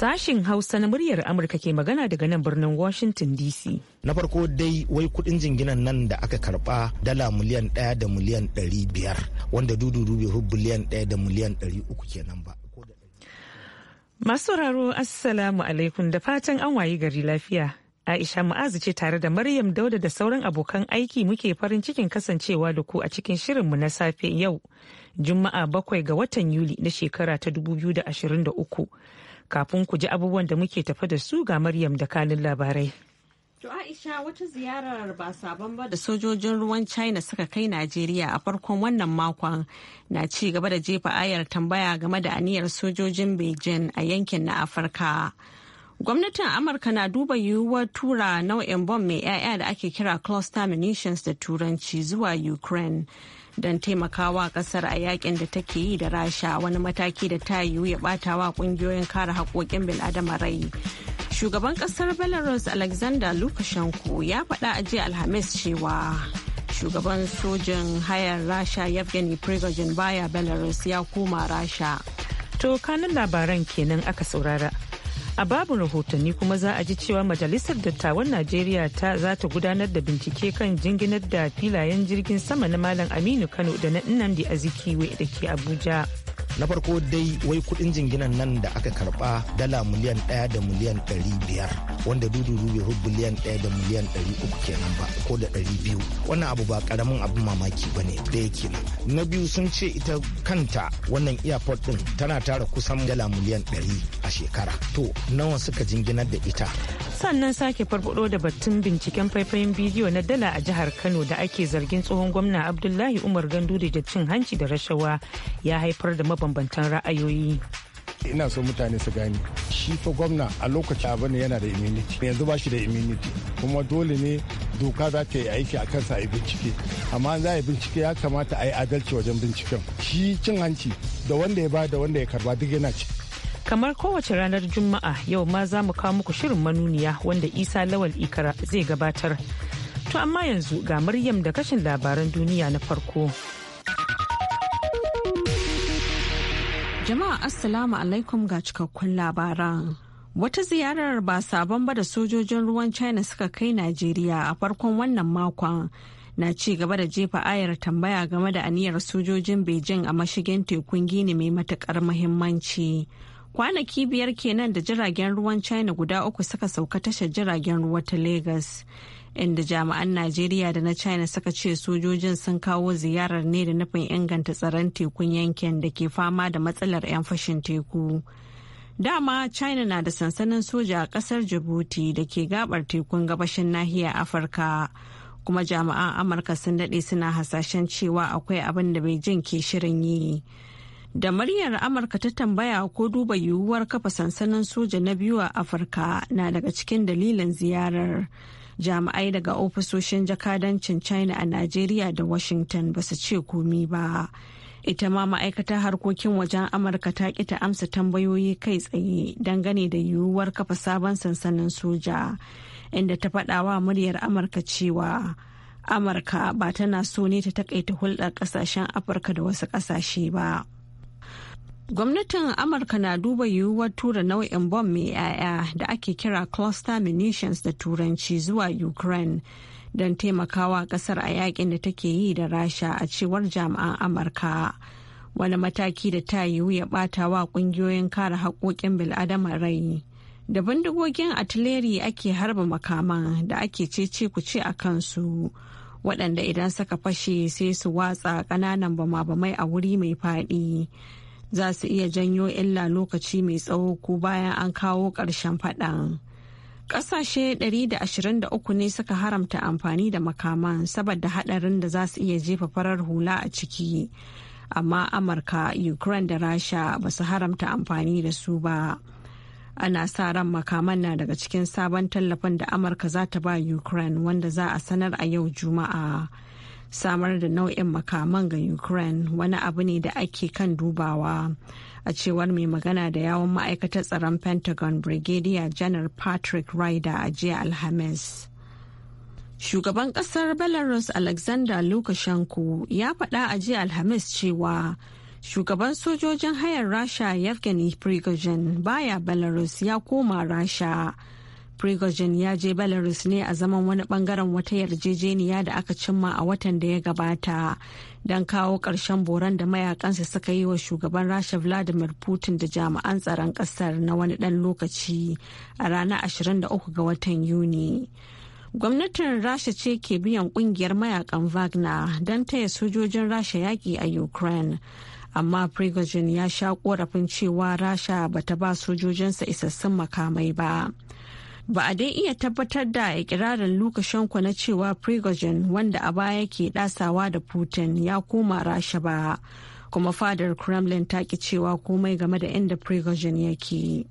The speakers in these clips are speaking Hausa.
Sashin Hausa na muryar Amurka ke magana daga nan birnin Washington DC. Na farko dai wai kudin jinginan nan da aka karba dala miliyan daya da miliyan dari biyar wanda dudu dubi hu biliyan daya da miliyan dari uku kenan ba. Masu sauraro Assalamu alaikum da fatan an wayi gari lafiya. Aisha ma'azu ce tare da Maryam Dauda da sauran abokan aiki muke farin cikin kasancewa da ku a cikin shirinmu na safe yau, Juma'a bakwai ga watan Yuli na shekara ta 2023. kafin ku ji abubuwan da muke tafa da su ga Maryam da kanin labarai. To Aisha wata ziyarar ba sabon ba da sojojin ruwan China suka kai Najeriya a farkon wannan makon na ci gaba da jefa ayar tambaya game da aniyar sojojin Beijing a yankin na Afirka. Gwamnatin Amurka na duba yiwuwar tura nau'in bom mai 'ya'ya da ake kira cluster munitions da turanci zuwa Ukraine don taimakawa kasar a yakin da take yi da rasha wani mataki da ta yiwu ya wa kungiyoyin kare haƙoƙin bil'adama rai. Shugaban kasar Belarus Alexander Lukashenko ya faɗa a jiya Alhamis cewa shugaban sojin hayar rasha Yevgeny Prigozhin baya Belarus ya koma rasha. To kanin labaran kenan aka saurara. a babu rahotanni kuma za a ji cewa majalisar dattawan najeriya ta za ta gudanar da bincike kan jinginar da filayen jirgin sama na malam aminu kano da na nnamdi azikiwe da ke abuja na farko dai wai kudin jinginan nan da aka karba dala miliyan daya da miliyan dari biyar wanda dudu rubi biliyan daya da miliyan dari uku kenan ba ko da dari biyu wannan abu ba karamin abin mamaki ba ne da yake na biyu sun ce ita kanta wannan airport din tana tara kusan dala miliyan dari. shekara to nawa suka jinginar da ita sannan sake farfado da batun binciken faifayin bidiyo na dala a jihar kano da ake zargin tsohon gwamna abdullahi umar gandu da cin hanci da rashawa ya haifar da mabambantan ra'ayoyi ina so mutane su gani shi fa gwamna a lokaci abin yana da immunity yanzu ba shi da immunity kuma dole ne doka za ta yi aiki a kansa a yi bincike amma za a yi bincike ya kamata a yi adalci wajen binciken shi cin hanci da wanda ya ba da wanda ya karba duk yana ciki kamar kowace ranar juma'a yau ma za mu kawo muku shirin manuniya wanda isa lawal ikara zai gabatar to amma yanzu ga maryam da kashin labaran duniya na farko jama'a assalamu alaikum ga cikakkun labaran wata ziyarar ba sabon ba da sojojin ruwan china suka kai najeriya a farkon wannan makon na ci gaba da jefa ayar tambaya game da aniyar sojojin beijing a mashigin tekun gini mai matukar muhimmanci Kwanaki biyar kenan da jiragen ruwan China guda uku suka sauka tashar jiragen ruwa ta lagos Inda jami'an Najeriya da na China suka ce sojojin sun kawo ziyarar ne da nufin inganta tsaron tekun yankin da ke fama da matsalar 'yan fashin teku. Dama China na da sansanin soja a kasar Djibouti da ke gabar tekun gabashin nahiyar Afirka. Kuma jami'an Amurka sun daɗe suna hasashen cewa akwai abin da Beijing ke shirin yi. da muryar amurka ta tambaya ko duba yiwuwar kafa sansanin soja na biyu a afirka na daga cikin dalilin ziyarar jami'ai daga ofisoshin jakadancin china a najeriya da washington ba su ce komi ba ita ma ma'aikatar harkokin wajen amurka ta ta amsa tambayoyi kai tsaye dangane da yiwuwar kafa sabon sansanin soja inda ta faɗawa muryar amurka cewa amurka ba tana so ne ta takaita hulɗar ƙasashen afirka da wasu ƙasashe ba. Gwamnatin Amurka na duba yiwuwar tura nau'in bom mai 'ya'ya da ake kira cluster munitions da turanci zuwa Ukraine don taimakawa kasar a yakin da take yi da Rasha a cewar jami'an Amurka. Wani mataki da ta yiwu ya bata wa kungiyoyin kare haƙoƙin bil'adama rai. Da bindigogin atileri ake harba makaman da ake cece ku ce a kansu. waɗanda idan suka fashe sai su watsa ƙananan bama-bamai a wuri mai faɗi. za su iya janyo illa lokaci mai tsawo ko bayan an kawo ƙarshen faɗan. Ƙasashe 123 ne suka haramta amfani da makaman saboda haɗarin da za su iya jefa farar hula a ciki. Amma Amurka, Ukraine da Rasha ba su haramta amfani da su ba. Ana sa ran makaman na daga cikin sabon tallafin da Amurka za ta ba Ukraine wanda za a sanar a yau Juma'a. samar da nau'in makaman ga ukraine wani abu ne da ake kan dubawa a cewar mai magana da yawon ma'aikatar tsaron pentagon brigadier janar patrick ryder a jiya alhamis shugaban kasar belarus alexander lukashenko ya faɗa a jiya alhamis cewa shugaban sojojin hayar rasha yevgeny prigozhin baya belarus ya koma rasha Prigozhin ya je Belarus ne a zaman wani bangaren wata yarjejeniya da aka cimma a watan da ya gabata don kawo ƙarshen boran da mayakansa suka yi wa shugaban Rasha Vladimir Putin da jami'an tsaron ƙasar na wani ɗan lokaci a ranar 23 ga watan Yuni. gwamnatin rasha ce ke biyan kungiyar mayakan wagner don taya sojojin rasha yaƙi a ukraine amma prigozhin ya sha korafin cewa rasha bata ba sojojinsa isassun makamai ba ba a dai iya tabbatar da ikirarin lukashenko na cewa prigozhin wanda a baya ke dasawa da putin ya koma rasha ba kuma fadar kremlin ta ki cewa komai game da inda prigozhin yake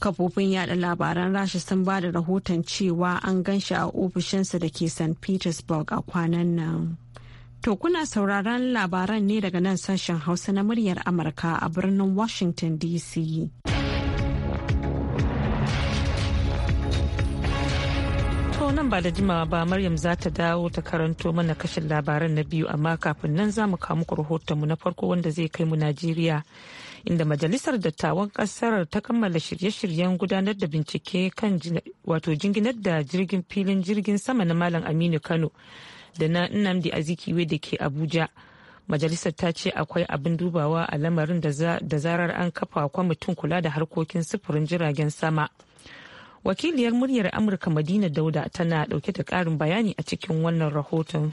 kafofin yada labaran rasha sun ba da rahoton cewa an gan shi a ofishinsa da ke st petersburg a kwanan nan to kuna sauraron labaran ne daga nan sashen hausa na muryar amurka a birnin washington dc nan ba da jimawa ba Maryam za ta dawo ta karanto mana kashin labaran na biyu amma kafin nan za mu kawo muku rahotonmu na farko wanda zai kai mu Najeriya. Inda Majalisar Dattawan Kasar ta kammala shirye-shiryen gudanar da bincike kan wato jinginar da jirgin filin jirgin sama na Malam Aminu Kano da na Nnamdi Azikiwe da ke Abuja. Majalisar ta ce akwai abin dubawa a lamarin da zarar an kafa kwamitin kula da harkokin sufurin jiragen sama. wakiliyar muryar amurka madina dauda tana dauke da karin bayani a cikin wannan rahoton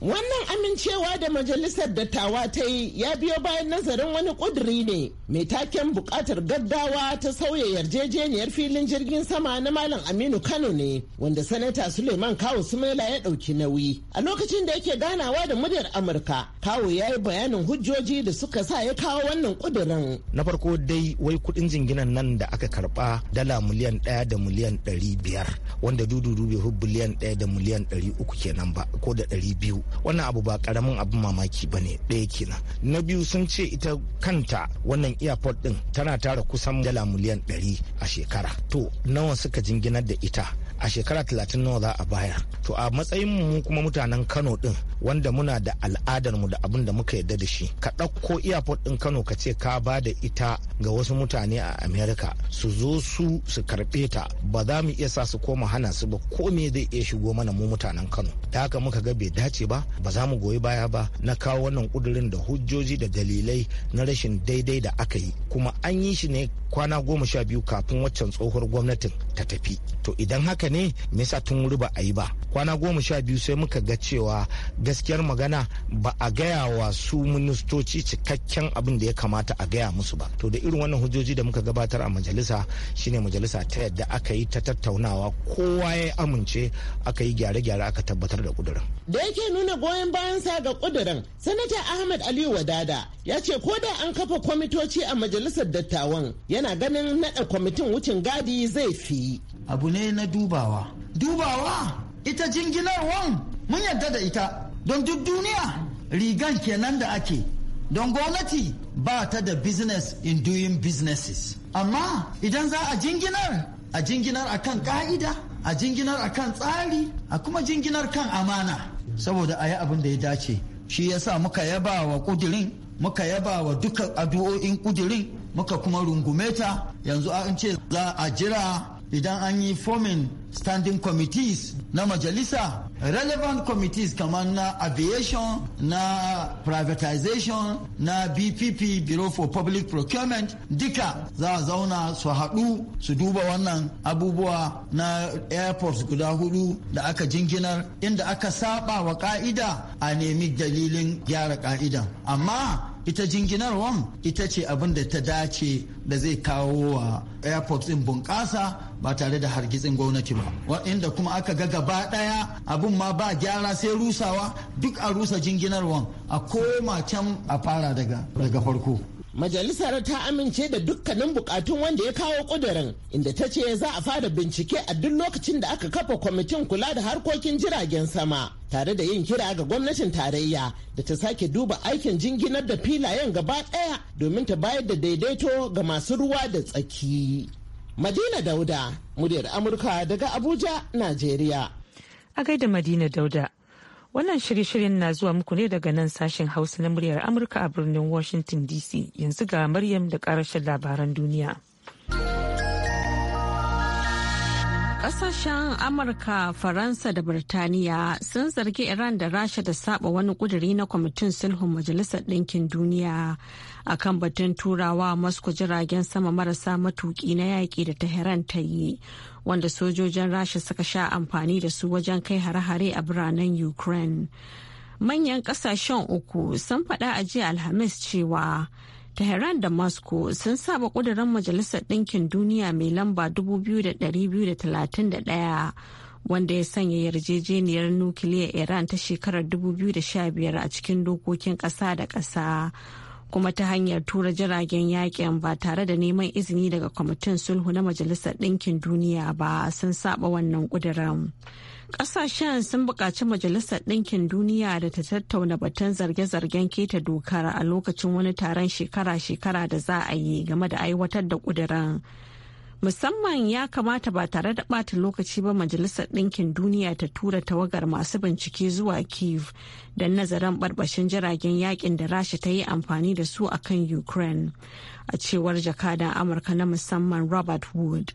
Wannan amincewa da majalisar dattawa ta yi ya biyo bayan nazarin wani ƙudiri ne mai taken buƙatar gaggawa ta sauya yarjejeniyar filin jirgin sama na Malam Aminu Kano ne wanda Sanata Suleiman Kawo Sumaila ya ɗauki nauyi. A lokacin da yake ganawa da muryar Amurka, Kawo ya yi bayanin hujjoji da suka sa ya kawo wannan ƙudirin Na farko dai wai kuɗin jinginan nan da aka karba dala miliyan ɗaya da miliyan ɗari biyar wanda dudu bai biliyan ɗaya da miliyan ɗari uku kenan ba ko da ɗari biyu. wannan abu ba karamin abin mamaki ba ne ɗaya kenan na biyu sun ce ita kanta wannan airport din tana tara kusan dala miliyan 100 a shekara to nawa suka jinginar da ita a shekara 30 nawa za a bayar to a matsayin mu kuma mutanen kano din. wanda muna da al'adar mu da abin da muka yarda da shi ka ɗauko ɗin kano ka ce ka ba da ita ga wasu mutane a america su zo su su karɓe ta ba za mu iya sa su koma hana su ba ko me zai iya shigo mana mu mutanen kano da haka muka ga bai dace ba ba za mu goyi baya ba na kawo wannan kudurin da hujjoji da dalilai na rashin daidai da aka yi kuma an yi shi ne kwana goma sha biyu kafin waccan tsohuwar gwamnatin ta tafi to idan haka ne me yasa tun wuri ba a yi ba kwana goma sha biyu sai muka ga cewa gaskiyar magana ba a gaya wa su ministoci cikakken abin da ya kamata a gaya musu ba to da irin wannan hujjoji da muka gabatar a majalisa shine majalisa ta yadda aka yi ta tattaunawa kowa ya amince aka yi gyare-gyare aka tabbatar da kudurin da yake nuna goyon bayan sa ga kudurin sanata ahmed aliyu wadada ya ce ko da an kafa kwamitoci a majalisar dattawan yana ganin nada kwamitin wucin gadi zai fi abu ne na dubawa dubawa ita wan mun yarda da ita don duk duniya rigan kenan da ake don gwamnati ba ta da business in doing businesses amma idan za a jinginar a jinginar akan ka'ida a jinginar akan tsari a kuma jinginar kan amana saboda a yi abin da ya dace shi yasa muka yaba wa kudirin muka yaba wa duka addu'o'in kudirin muka kuma rungume ta yanzu an ce za a jira idan an yi fomin standing committees na majalisa relevant committees kamar na aviation na privatization na bpp bureau for public procurement duka za a zauna su haɗu su duba wannan abubuwa na airports guda hudu da aka jinginar inda aka saba wa ka'ida a nemi dalilin gyara ka'ida amma ita jinginarwan ita ce abin da ta dace da zai kawo wa airports din bunƙasa ba tare da hargitsin gwamnati ba waɗanda kuma aka ga gaba ɗaya abin ma ba gyara sai rusawa duk a rusa jinginarwan a koma can a fara daga farko Majalisar ta amince da dukkanin bukatun wanda ya kawo kudurin inda ta ce za a fara bincike a duk lokacin da aka kafa kwamitin kula da harkokin jiragen sama tare da yin kira ga gwamnatin tarayya da ta sake duba aikin jinginar da filayen gaba ɗaya domin ta bayar da daidaito ga masu ruwa da tsaki. Madina Dauda, muryar Amurka daga Abuja, Najeriya. A gaida Madina Dauda. Wannan shirye-shiryen na zuwa muku ne daga nan sashen Hausa na muryar Amurka a birnin Washington DC. Yanzu ga Maryam da ƙarashin labaran duniya. Ƙasashen Amurka, Faransa da Birtaniya sun zargi Iran da Rasha da saba wani ƙuduri na kwamitin sulhun Majalisar Ɗinkin Duniya a kan batun turawa Moscow jiragen sama marasa matuƙi na yaƙi da Tehran ta yi, wanda sojojin Rasha suka sha amfani da su wajen kai hare-hare a biranen Ukraine. Manyan ƙasashen uku sun faɗa a jiya Alhamis cewa Tehran da Moscow sun saba kudurin Majalisar Ɗinkin Duniya mai lamba 2231 wanda ya sanya yarjejeniyar nukiliyar Iran ta shekarar 2015 a cikin dokokin ƙasa da ƙasa kuma ta hanyar tura jiragen yakin ba tare da neman izini daga kwamitin sulhu na Majalisar Ɗinkin Duniya ba sun saba wannan ƙudurin. Ƙasashen sun buƙaci Majalisar Ɗinkin Duniya da ta tattauna batun zarge-zargen keta dokar a lokacin wani taron shekara-shekara da za a yi game da aiwatar da ƙuduran. Musamman ya kamata ba tare da ɓata lokaci ba Majalisar Ɗinkin Duniya ta tura tawagar masu bincike zuwa Kiev don nazarin barbashin jiragen yakin da Rasha ta yi amfani da su akan kan Ukraine, a cewar jakadan Amurka na musamman Robert Wood.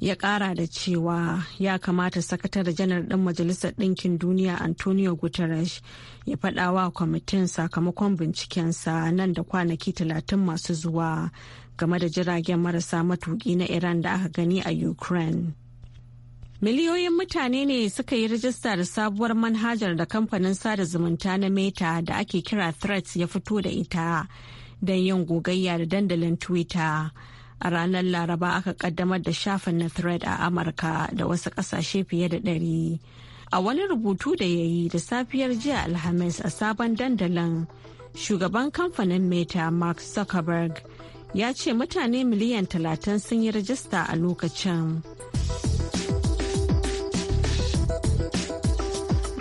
ya kara da cewa ya kamata sakatare janar ɗin majalisar ɗinkin duniya antonio guterres ya faɗa wa kwamitin sakamakon bincikensa nan da kwanaki talatin masu zuwa game da jiragen marasa matuƙi na iran da aka gani a ukraine Miliyoyin mutane ne suka yi rajista da sabuwar manhajar da kamfanin sada zumunta na Meta da ake kira threats ya fito da ita don yin gogayya da dandalin Twitter. a ranar laraba aka kaddamar da shafin na thread a amurka da wasu kasashe fiye da ɗari a wani rubutu da ya yi da safiyar jiya alhamis a sabon dandalin shugaban kamfanin meta mark zuckerberg ya ce mutane miliyan talatin sun yi rajista a lokacin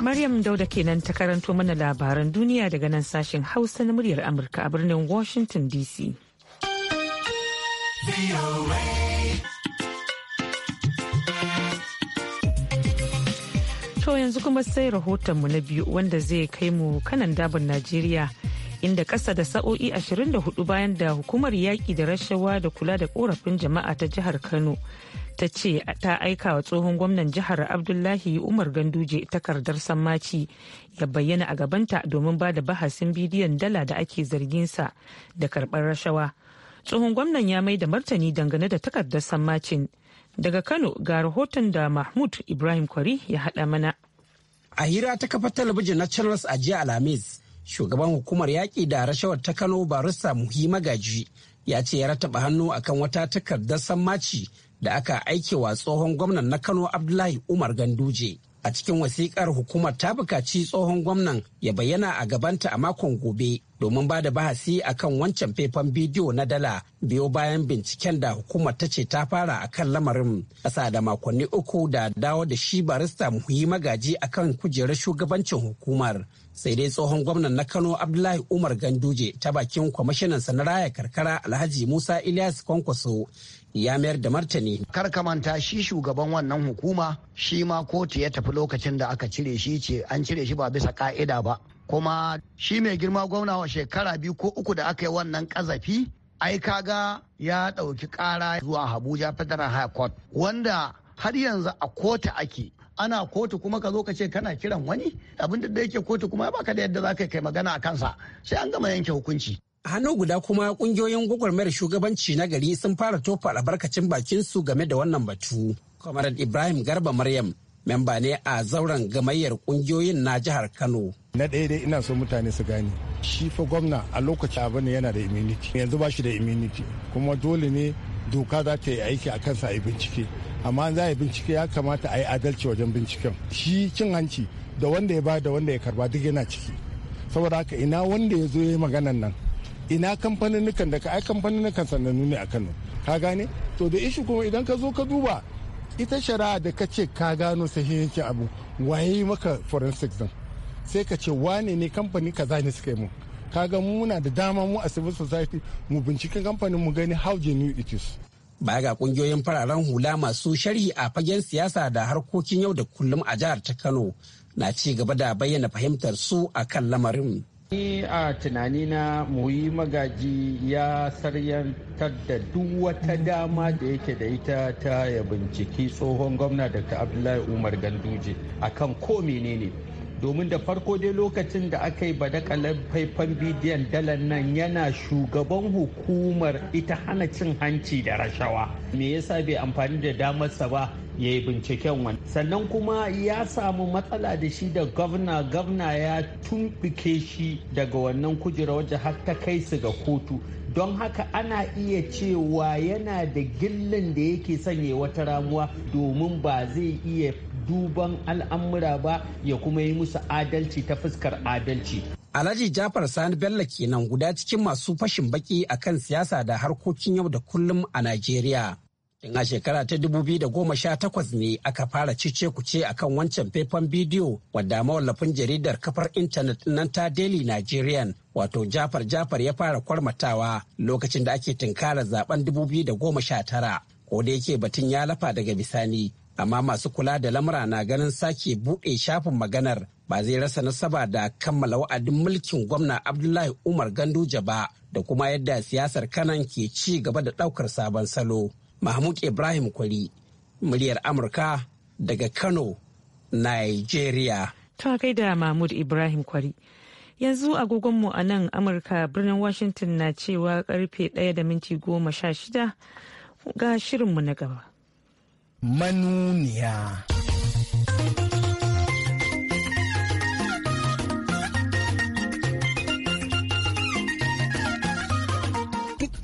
maryam dauda kenan ta karanto mana labaran duniya daga nan sashen hausa na muryar amurka a birnin washington dc To yanzu kuma sai rahotonmu na biyu wanda zai kai mu kanan dabin Najeriya inda ƙasa da sa'o'i 24 bayan da hukumar yaƙi da rashawa da kula da korafin jama'a ta jihar Kano ta ce ta aika wa tsohon gwamnan jihar Abdullahi Umar Ganduje takardar sammaci ya bayyana a gabanta domin ba da bahasin bidiyon dala da ake zarginsa da karɓar rashawa. tsohon gwamnan ya mai da martani dangane da takardar sammacin daga kano ga rahoton da mahmud ibrahim kwari ya hada mana a hira ta kafa talabijin na channels a jiya alhamis shugaban hukumar yaƙi da rashawar ta kano barista muhi magaji ya ce ya rataba hannu akan wata takardar sammaci da aka aikewa tsohon gwamnan na kano abdullahi umar ganduje a cikin wasikar hukumar ta bukaci tsohon gwamnan ya bayyana a gabanta a makon gobe domin ba da bahasi a kan wancan faifan bidiyo na dala biyo bayan binciken da hukumar ta ce ta fara a kan lamarin ƙasa da makonni uku da dawo da shi barista muhi magaji kan kujerar shugabancin hukumar sai dai tsohon gwamnan na kano abdullahi umar ganduje ta bakin kwamishinan sa na raya karkara alhaji musa ilyas kwankwaso ya mayar da martani kar ka manta shi shugaban wannan hukuma shi ma kotu ya tafi lokacin da aka cire shi ce an cire shi ba bisa ka'ida ba kuma shi mai girma gwamna wa shekara biyu ko uku da aka yi wannan kazafi ai kaga ya ɗauki ƙara zuwa abuja federal high court wanda har yanzu a kotu ake ana kotu kuma ka zo ka ce kana kiran wani abin da yake kotu kuma baka da yadda za ka kai magana a kansa sai an gama yanke hukunci hannu guda kuma kungiyoyin gwagwarmayar shugabanci na gari sun fara tofa albarkacin bakin su game da wannan batu kamar ibrahim garba maryam memba ne a zauren gamayyar kungiyoyin na jihar kano na ɗaya dai ina so mutane su gane shi fa gwamna a lokacin abin yana da immunity yanzu ba shi da immunity kuma dole ne doka za ta yi aiki a kansa a bincike amma za a yi bincike ya kamata a yi adalci wajen binciken shi cin hanci da wanda ya ba da wanda ya karba duk yana ciki saboda haka ina wanda ya zo ya yi maganan nan ina nukan da ka ai nukan sanannu ne a kano ka gane to da ishi kuma idan ka zo ka duba ita shari'a da ka ce ka gano sahihancin abu waye maka forensic din sai ka ce wane ne kamfani kaza ne suka yi mu kaga muna da dama mu a civil society mu binciken kamfanin mu gani how genuine it is baya ga kungiyoyin fararen hula masu sharhi a fagen siyasa da harkokin yau da kullum a jihar ta kano na ci gaba da bayyana fahimtar su a kan lamarin ni a tunanina muyi magaji ya saryantar da duk wata dama da yake da ita ta ya binciki tsohon gwamna dr abdullahi umar ganduje akan ko menene domin da farko dai lokacin da aka yi badakalar faifan bidiyon dalar nan yana shugaban hukumar ita hana cin hanci da rashawa me yasa bai amfani da damarsa ba ya yi binciken wani sannan kuma ya samu matsala da shi da gwamna gwamna ya tumbike shi daga wannan kujera wajen har ta kai su ga kotu don haka ana iya cewa yana da gillin da yake sanya wata ramuwa domin ba zai iya duban al'amura ba ya kuma yi musu adalci ta fuskar adalci. Alhaji Jafar Sani Bello kenan guda cikin masu fashin baki akan siyasa da harkokin yau da kullum a Najeriya. in a shekara ta dubu biyu da goma sha takwas ne aka fara cice kuce akan wancan faifan bidiyo wadda mawallafin jaridar kafar intanet nan ta Daily Nigerian wato Jafar Jafar ya fara kwarmatawa lokacin da ake tinkara zaben 2019. Ko da yake batun ya lafa daga bisani amma masu kula da lamura na ganin sake buɗe shafin maganar ba zai rasa nasaba da kammala wa'adin mulkin gwamna abdullahi umar ganduje ba da kuma yadda siyasar kanan ke ci gaba da ɗaukar sabon salo mahmud ibrahim kwari muryar amurka daga kano nigeria ta kai da mahmud ibrahim kwari yanzu agogonmu a nan amurka birnin washington na cewa karfe ɗaya da minti goma sha shida ga shirinmu na gaba manuniya.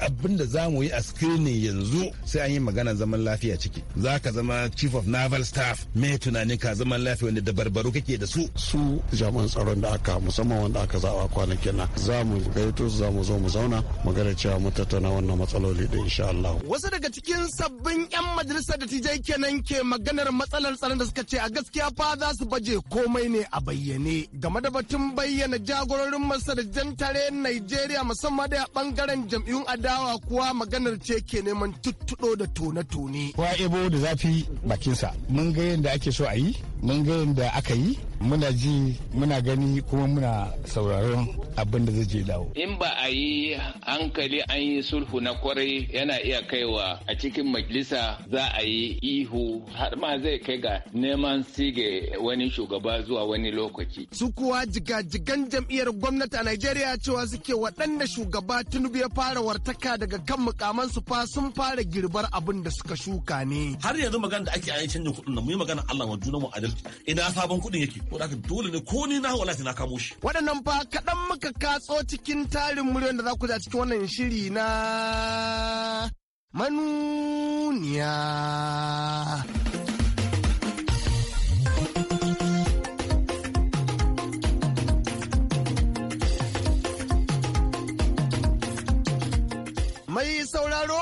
abin da za mu yi a screening yanzu sai an yi magana zaman lafiya ciki za ka zama chief of naval staff me tunanin ka zaman lafiya wanda dabarbaru kake da su su jami'an tsaron da aka musamman wanda aka zaba kwanakin nan za mu gaito za mu zo mu zauna magana cewa mu tattauna wannan matsaloli da insha Allah wasu daga cikin sabbin yan majalisar da tijai kenan ke maganar matsalar tsaron da suka ce a gaskiya fa za su baje komai ne a bayyane game da batun bayyana jagororin masarjan tare Najeriya musamman da bangaren jam'iyyun adawa dawa kuwa maganar ce ke neman tuttuɗo da tone-tone. Kowa ebo da zafi bakinsa. Mun ga yadda ake so a yi, mun ga yadda aka yi, muna ji muna gani kuma muna sauraron abin da zai je dawo in ba a yi hankali an yi sulhu na kwarai yana iya kaiwa a cikin majalisa za a yi ihu har ma zai kai ga neman sige wani shugaba zuwa wani lokaci su kuwa jigajigan jam'iyyar gwamnati a najeriya cewa suke waɗanda shugaba tinubu ya fara wartaka daga kan mukaman su fa sun fara girbar abin da suka shuka ne har yanzu magana da ake a canjin kuɗin nan mu yi magana allah wa junanmu adalci ina sabon kuɗin yake wadda dole ne ko ni na wallahi na kamo shi waɗannan fa kaɗan muka katso cikin tarin murya da za ku a cikin wannan shiri na manuniya Mai sauraro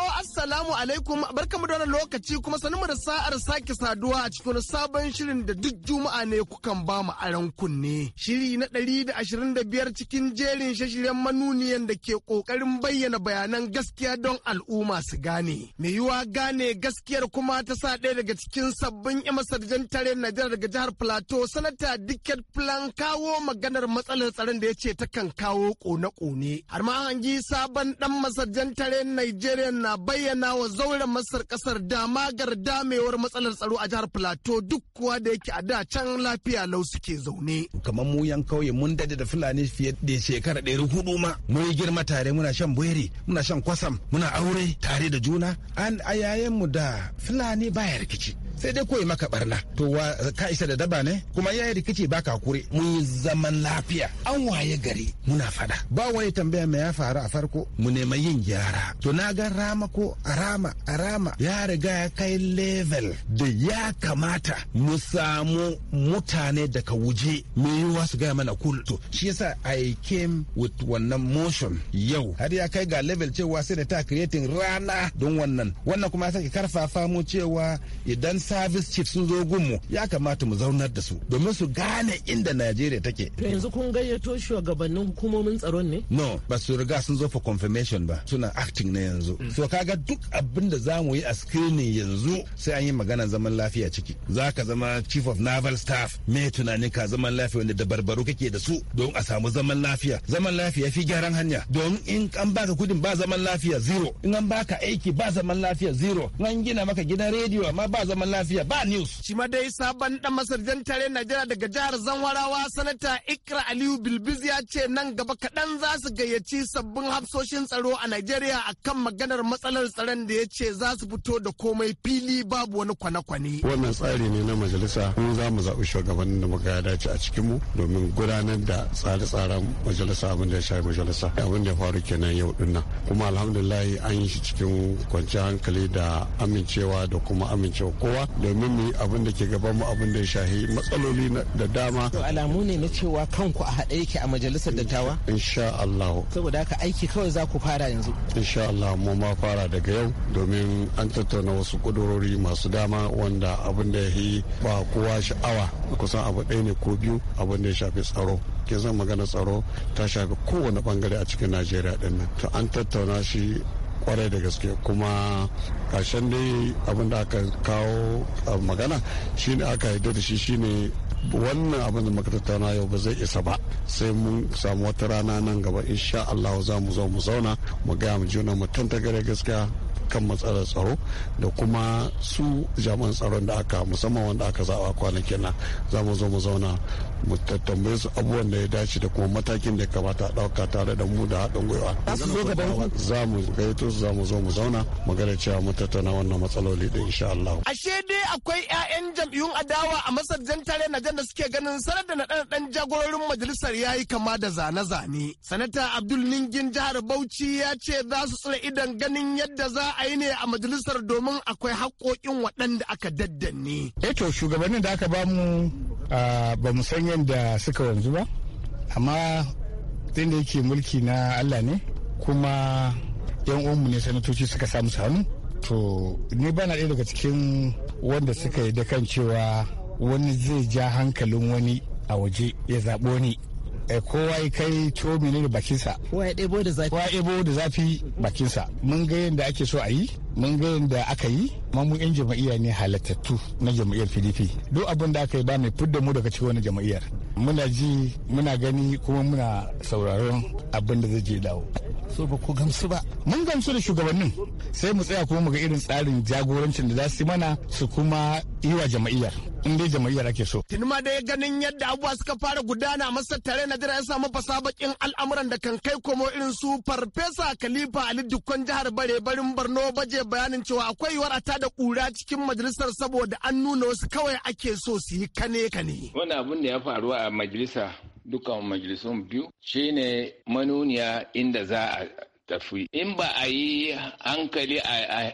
Assalamu alaikum barkamu da wannan lokaci kuma sanin mu da sa'ar sake saduwa a cikin sabon shirin da duk juma'a ne kukan ba mu aran kunne. Shiri na ɗari da ashirin da biyar cikin jerin shashiren manuniyan da ke ƙoƙarin bayyana bayanan gaskiya don al'umma su gane. Me yiwa gane gaskiyar kuma ta sa ɗaya daga cikin sabbin 'yan masarjan tare Najeriya daga jihar Plateau sanata Dicket Plan kawo maganar matsalar tsaron da ya ce takan kawo ƙone-ƙone. Har ma hangi sabon ɗan masarjan tare Najeriya na bayyana wa zauren masar kasar damagar damewar matsalar tsaro a jihar plateau duk kuwa da yake a da can lafiya lau suke zaune kamar mu yan kauye mun dade da fulani fiye da shekara ɗari hudu ma mun girma tare muna shan bwere muna shan kwasam muna aure tare da juna an ayayen mu da fulani baya rikici sai dai koyi maka barna to wa ka isa da daba ne kuma yayi rikici ba ka kure mun zaman lafiya an waye gari muna fada ba wani tambaya me ya faru a farko mu nema yin gyara to na ga rama ko arama arama ya riga ya kai level da ya kamata mu samu mutane daga wuje me yiwuwa su gaya mana kul to shi yasa i came with wannan motion yau har ya kai ga level cewa sai da ta creating rana don wannan wannan kuma ya sake karfafa mu cewa idan service chief sun zo gunmu ya kamata mu zaunar da su domin su gane inda najeriya take yanzu kun gayyato shugabannin hukumomin tsaron ne no ba su riga sun zo for confirmation ba suna acting na yanzu mm. so kaga duk abin da za mu yi a screening yanzu sai an yi magana zaman lafiya ciki za ka zama chief of naval staff me tunanin ka zaman lafiya wanda da barbaru kake da su don a samu zaman lafiya zaman lafiya fi gyaran hanya don in an baka kudin ba zaman lafiya zero in an baka aiki ba zaman lafiya zero in an gina maka gidan rediyo amma ba zaman lafiya lafiya ba news. Shi dai sabon dan jan tare Najeriya daga jihar Zanwarawa sanata Ikra Aliyu Bilbiz ya ce nan gaba kaɗan za su gayyaci sabbin hafsoshin tsaro a Najeriya akan maganar matsalar tsaron da ya ce za su fito da komai fili babu wani kwane-kwane. Wannan tsari ne na majalisa mun za mu zaɓi shugabannin da muka dace a cikin mu. domin gudanar da tsare-tsaren majalisa abin da ya shafi majalisa abin da ya faru kenan yau din nan kuma alhamdulillah an yi shi cikin kwanciyar hankali da amincewa da kuma amincewa kowa domin ne abin da ke gaban mu abin da ya shahi matsaloli da dama. To alamu ne na cewa kanku a haɗe yake a majalisar dattawa? Insha Allah. Saboda haka aiki kawai za ku fara yanzu. Insha Allah mu ma fara daga yau domin an tattauna wasu kudurori masu dama wanda abin da ya yi ba kowa sha'awa kusan abu ɗaya ne ko biyu abin da ya shafi tsaro. Ke zan magana tsaro ta shafi kowane bangare a cikin Najeriya ɗin nan. To an tattauna shi kwarai da gaske kuma kashen dai abin da aka kawo magana shine aka yarda da shi shine wannan abin da muka tattauna yau ba zai isa ba sai mun samu wata rana nan gaba insha Allah za mu zo mu zauna mu gaya mu juna mu tantagare gaskiya kan matsalar tsaro da kuma su jami'an tsaron da aka musamman wanda aka zaɓa kwanakin nan za mu zo mu zauna mu su abubuwan da ya dace da kuma matakin da kamata a ɗauka tare da mu da haɗin gwiwa. Za mu gaito za mu zo mu zauna mu cewa mu tattauna wannan matsaloli ɗin insha Allah. Ashe dai akwai 'ya'yan jam'iyyun adawa a masar tare na da suke ganin sanar da naɗe ɗan jagororin majalisar ya yi kama da zane-zane. Sanata Abdul Ningin jihar Bauchi ya ce za su tsira idan ganin yadda za a yi ne a majalisar domin akwai haƙoƙin waɗanda aka daddanne. Eh to shugabannin da aka bamu ba mu ah, sanya da suka wanzu ba amma tun da yake mulki na allah ne kuma yan uwanmu ne sanatoci suka samu hannu to ni bana ɗaya daga cikin wanda suka yi da kan cewa wani zai ja hankalin wani a waje ya zaɓo ni Eh, kowa ya kai tuwo ne bakinsa kowa ya ɗebo da zafi kowa ya ɗebo da zafi bakinsa mun ga yadda ake so a yi mun ga yadda aka yi mamu yan jama'iyya ne halattattu na jama'iyyar pdp duk abin da aka yi ba mai fidda mu daga cikin wani jama'iyyar muna ji muna gani kuma muna sauraron abin da zai je dawo so ba ku gamsu ba mun gamsu da shugabannin sai mu tsaya kuma mu ga irin tsarin jagorancin da za su mana su kuma yi wa jama'iyyar in dai jama'iyyar ake so tun ma dai ganin yadda abuwa suka fara gudana masa tare na jira ya samu fasabakin al'amuran da kan kai komo irin su farfesa kalifa ali dukkan jihar bare barin barno baje bayanin cewa akwai yiwuwar a da kura cikin majalisar saboda an nuna wasu kawai ake so su yi kane kane wani abun da ya faru a majalisa dukkan majalisun biyu shine manuniya inda za a tafi in ba a yi hankali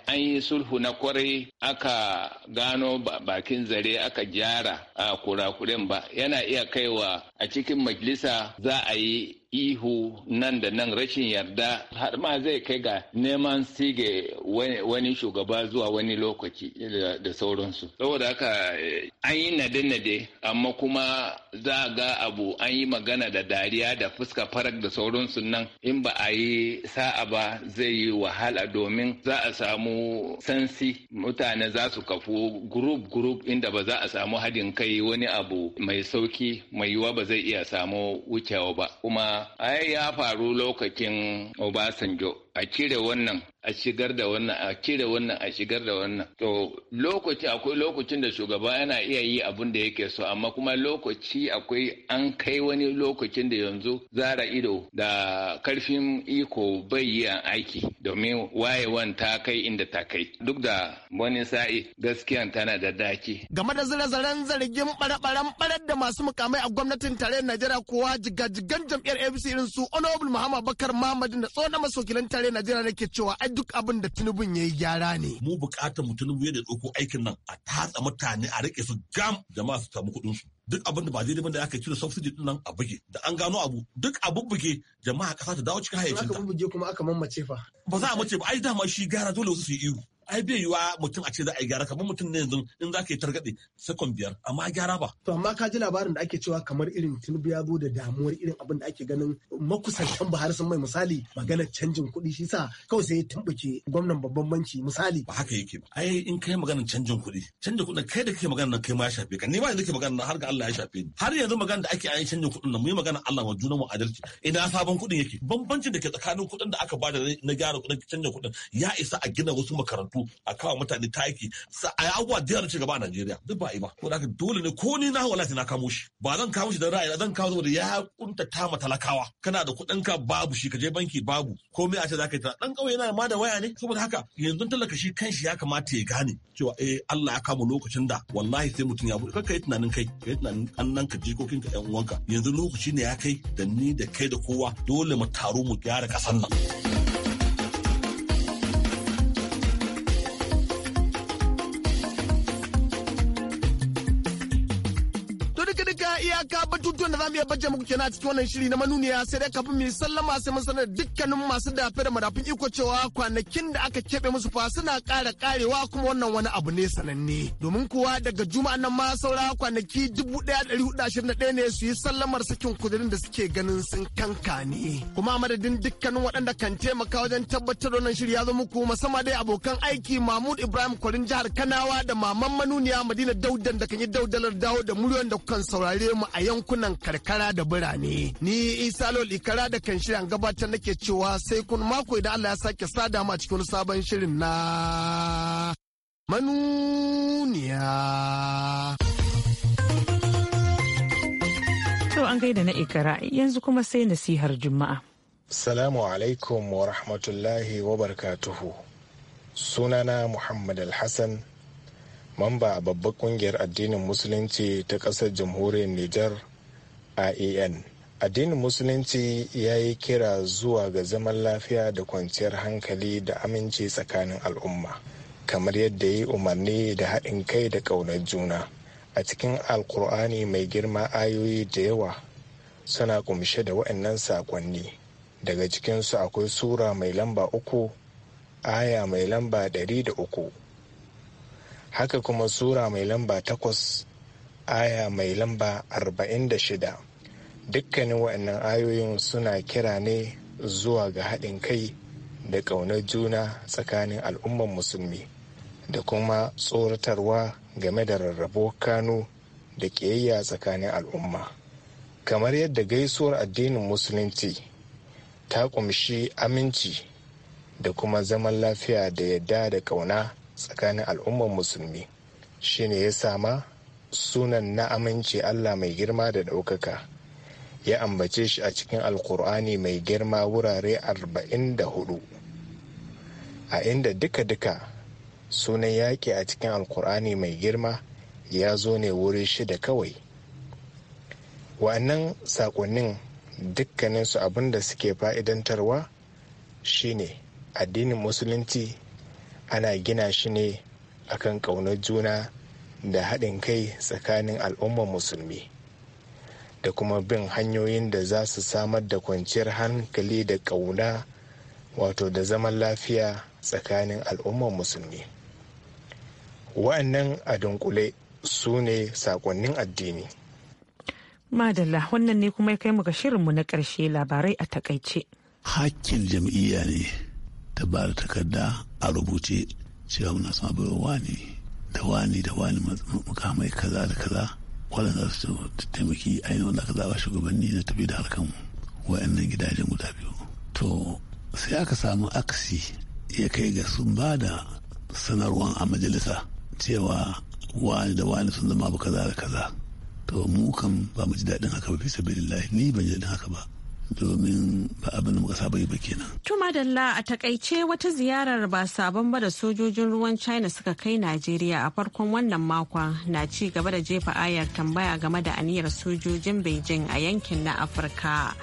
an yi sulhu na kwarai aka gano bakin zare aka gyara a kurakuren ba yana iya kaiwa a cikin majalisa za a yi ihu nan da nan rashin yarda har ma zai kai ga neman sige wani shugaba zuwa wani lokaci da sauransu saboda haka eh, an yi nade-nade amma kuma za ga abu an yi magana da dariya da fuska farak da sauransu nan in ba a yi sa'a ba zai yi wahala domin za a samu sansi mutane za su kafu group group inda ba za a samu hadin kai wani abu mai sauki mai yiwuwa ba zai iya samu wucewa ba kuma ai ya faru lokacin obasanjo a cire wannan a shigar da wannan a cire wannan a shigar da wannan to lokaci akwai lokacin da shugaba yana iya yi abin da yake so amma kuma lokaci akwai an kai wani lokacin da yanzu zara ido da karfin iko bai yi an aiki domin wayewan ta kai inda ta kai duk da wani sa'i gaskiya tana da daki game da zire-ziren zargin barabaran barar da masu mukamai a gwamnatin tarayyar Najeriya kowa jigajigan jam'iyyar APC irin su Honorable Muhammad Bakar Mahmud da tsohon masokilan tare tarayyar Najeriya nake cewa ai duk abin da Tinubun ya yi gyara ne. Mu bukatar mu Tinubu ya ɗauko aikin nan a tatsa mutane a rike su gam jama'a su samu kuɗin su. Duk abin da ba daidai ba da aka cire subsidy din nan a buge da an gano abu duk a bubbuge jama'a kasa ta dawo cikin hayyacinta. Aka bubbuge kuma aka mamace fa. Ba za a mace ba ai dama shi gara dole wasu su yi ihu. ai bai yiwa mutum a ce za a yi gyara kamar mutum ne yanzu in za ka yi targaɗe sakon biyar amma gyara ba. To amma ka ji labarin da ake cewa kamar irin Tinubu ya zo da damuwar irin abin da ake ganin makusantan Buhari sun mai misali magana canjin kuɗi shi sa kawai sai ya tumbuke gwamnan babban banki misali. Ba haka yake ba. Ai in kai maganar canjin kuɗi canjin kuɗi kai da kai maganar nan kai ma ya shafe ka ni ma da nake maganar har ga Allah ya shafe ni. Har yanzu maganar da ake yi canjin kuɗin nan mu yi maganar Allah wa juna mu adalci ina sabon kuɗin yake bambancin da ke tsakanin kuɗin da aka bada na gyara kuɗin canjin kuɗin ya isa a gina wasu makarantu a kawo mutane taki a yi abubuwa da yawa ci gaba a Najeriya duk ba a yi ba ko da dole ne ko ni na wallahi na kamo shi ba zan kamo shi da ra'ayi zan kawo saboda ya kunta ta ma talakawa kana da kuɗin ka babu shi ka je banki babu komai a ce zaka yi ta dan kauye yana ma da waya ne saboda haka yanzu talaka shi kanshi ya kamata ya gane cewa eh Allah ya kama lokacin da wallahi sai mutum ya bude kanka yi tunanin kai ka yi tunanin annan ka jikokin ka yan uwanka yanzu lokaci ne ya kai da ni da kai da kowa dole mu taru mu gyara ƙasar nan. za mu iya na muku kenan a cikin wannan shiri na manuniya sai dai kafin mu yi sallama sai mun sanar dukkanin masu dafe da madafin iko cewa kwanakin da aka keɓe musu fa suna ƙara ƙarewa kuma wannan wani abu ne sananne. Domin kuwa daga juma'an nan ma saura kwanaki dubu ɗaya ɗari hudu ashirin da ɗaya ne su yi sallamar sakin kudirin da suke ganin sun kanka ne. Kuma madadin dukkanin waɗanda kan taimaka wajen tabbatar wannan shiri ya zo muku musamman dai abokan aiki Mahmud Ibrahim Kwarin jihar Kanawa da Maman Manuniya Madina Daudan da kan yi daudalar dawo da muryoyin da kukan saurare mu a yankunan kare karkara da birane. Ni Isa Lol Ikara da kan shirin gabatar nake cewa sai kun mako idan Allah ya sake sa dama a cikin sabon shirin na manuniya. To an gaida na Ikara yanzu kuma sai nasihar Juma'a. Salamu alaikum wa rahmatullahi wa barkatuhu. Sunana Muhammad Alhassan, mamba babbar kungiyar addinin Musulunci ta ƙasar jamhuriyar Nijar IAN. Addinin Musulunci ya yi kira zuwa ga zaman lafiya da kwanciyar hankali da aminci tsakanin al'umma, kamar yadda ya yi umarni da haɗin kai da ƙaunar juna. A cikin Alkur'ani, mai girma ayoyi da yawa suna ƙumshe da wa'annan saƙonni. Daga cikinsu akwai Sura mai lamba uku, aya mai lamba ɗari da uku. Haka kuma Sura mai lamba takwas aya mai lamba 46 dukkanin waɗannan ayoyin suna kira ne zuwa ga haɗin kai da ƙaunar juna tsakanin al'umman musulmi da kuma tsoratarwa game da rarrabo kano da ƙiyayya tsakanin al'umma kamar yadda gaisuwar addinin musulunci ta ƙumshi aminci da kuma zaman lafiya da yadda da ƙauna tsakanin al'umman musulmi shine ya sama sunan na aminci Allah mai girma da ɗaukaka ya ambace shi a cikin alkur'ani mai girma wurare 44 a inda duka-duka sunan yaƙi a cikin alkur'ani mai girma ya zo ne wuri shida kawai wannan saƙonnin dukkaninsu abin da suke fa'idantarwa shi ne addinin musulunci ana gina shi ne akan ƙaunar juna da haɗin kai tsakanin al'ummar musulmi da kuma bin hanyoyin da za su samar da kwanciyar hankali da ƙauna wato da zaman lafiya tsakanin al'ummar musulmi wa'annan a dunkule su ne saƙonnin addini madalla wannan ne kuma ya kai mu ga shirinmu na ƙarshe labarai a takaice hakkin jam'iyya ne ta ba da takarda a rubuce cewa muna son ne da wani da wani mukamai kaza da kaza waɗanda su taimaki ainihin wanda aka zaɓa shugabanni na tafi da harkan wa'annan gidajen guda biyu to sai aka samu aksi ya kai ga sun ba da sanarwar a majalisa cewa wani da wani sun zama ba kaza da kaza to mu kan ba mu ji daɗin haka ba fi sabilillahi ni ban ji daɗin haka ba domin ba abin da muka saba yi ba kenan. Tuma Dalla a takaice wata ziyarar ba sabon ba da sojojin ruwan China suka kai Najeriya a farkon wannan makon na ci gaba da jefa ayar tambaya game da aniyar sojojin Beijing a yankin na Afirka.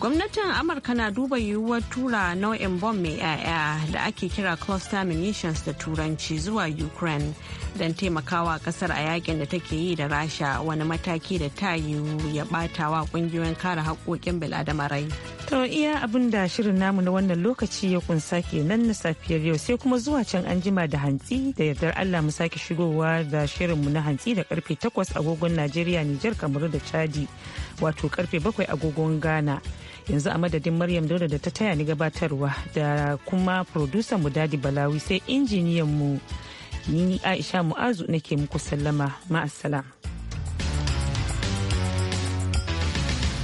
Gwamnatin Amurka na duba yiwuwar tura nau'in bom mai 'ya'ya da ake kira cluster munitions da turanci zuwa Ukraine. don taimakawa kasar a yakin da take yi da rasha wani mataki da ta yiwu ya batawa wa kungiyoyin kare haƙoƙin bil'adama rai. to iya abin da shirin namu na wannan lokaci ya kunsa nan na safiyar yau sai kuma zuwa can an jima da hantsi da yardar allah mu sake shigowa da shirinmu na hantsi da karfe 8 agogon najeriya nijar kamaru da chadi wato karfe 7 agogon ghana yanzu a madadin maryam dauda da ta taya ni gabatarwa da kuma producer mu dadi balawi sai injiniyan mu ni aisha mu'azu nake muku sallama ma'assalam.